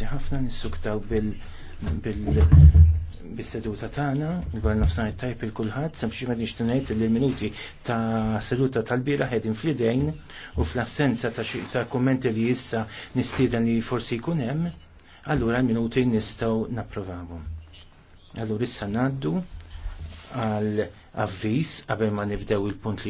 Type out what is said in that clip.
Grazzi ħafna nissuktaw bil bil bis-seduta tagħna, il-bar nafsani tajp il-kulħadd, sempliċiment nixtu tingħid li l-minuti ta' seduta tal-bira ħed flidejn u fl-assenza ta' kummenti li issa nistieden li forsi jkun hemm, allura l-minuti nistgħu napprovawhom. Allura issa ngħaddu għal avviż qabel ma nibdew il-punt li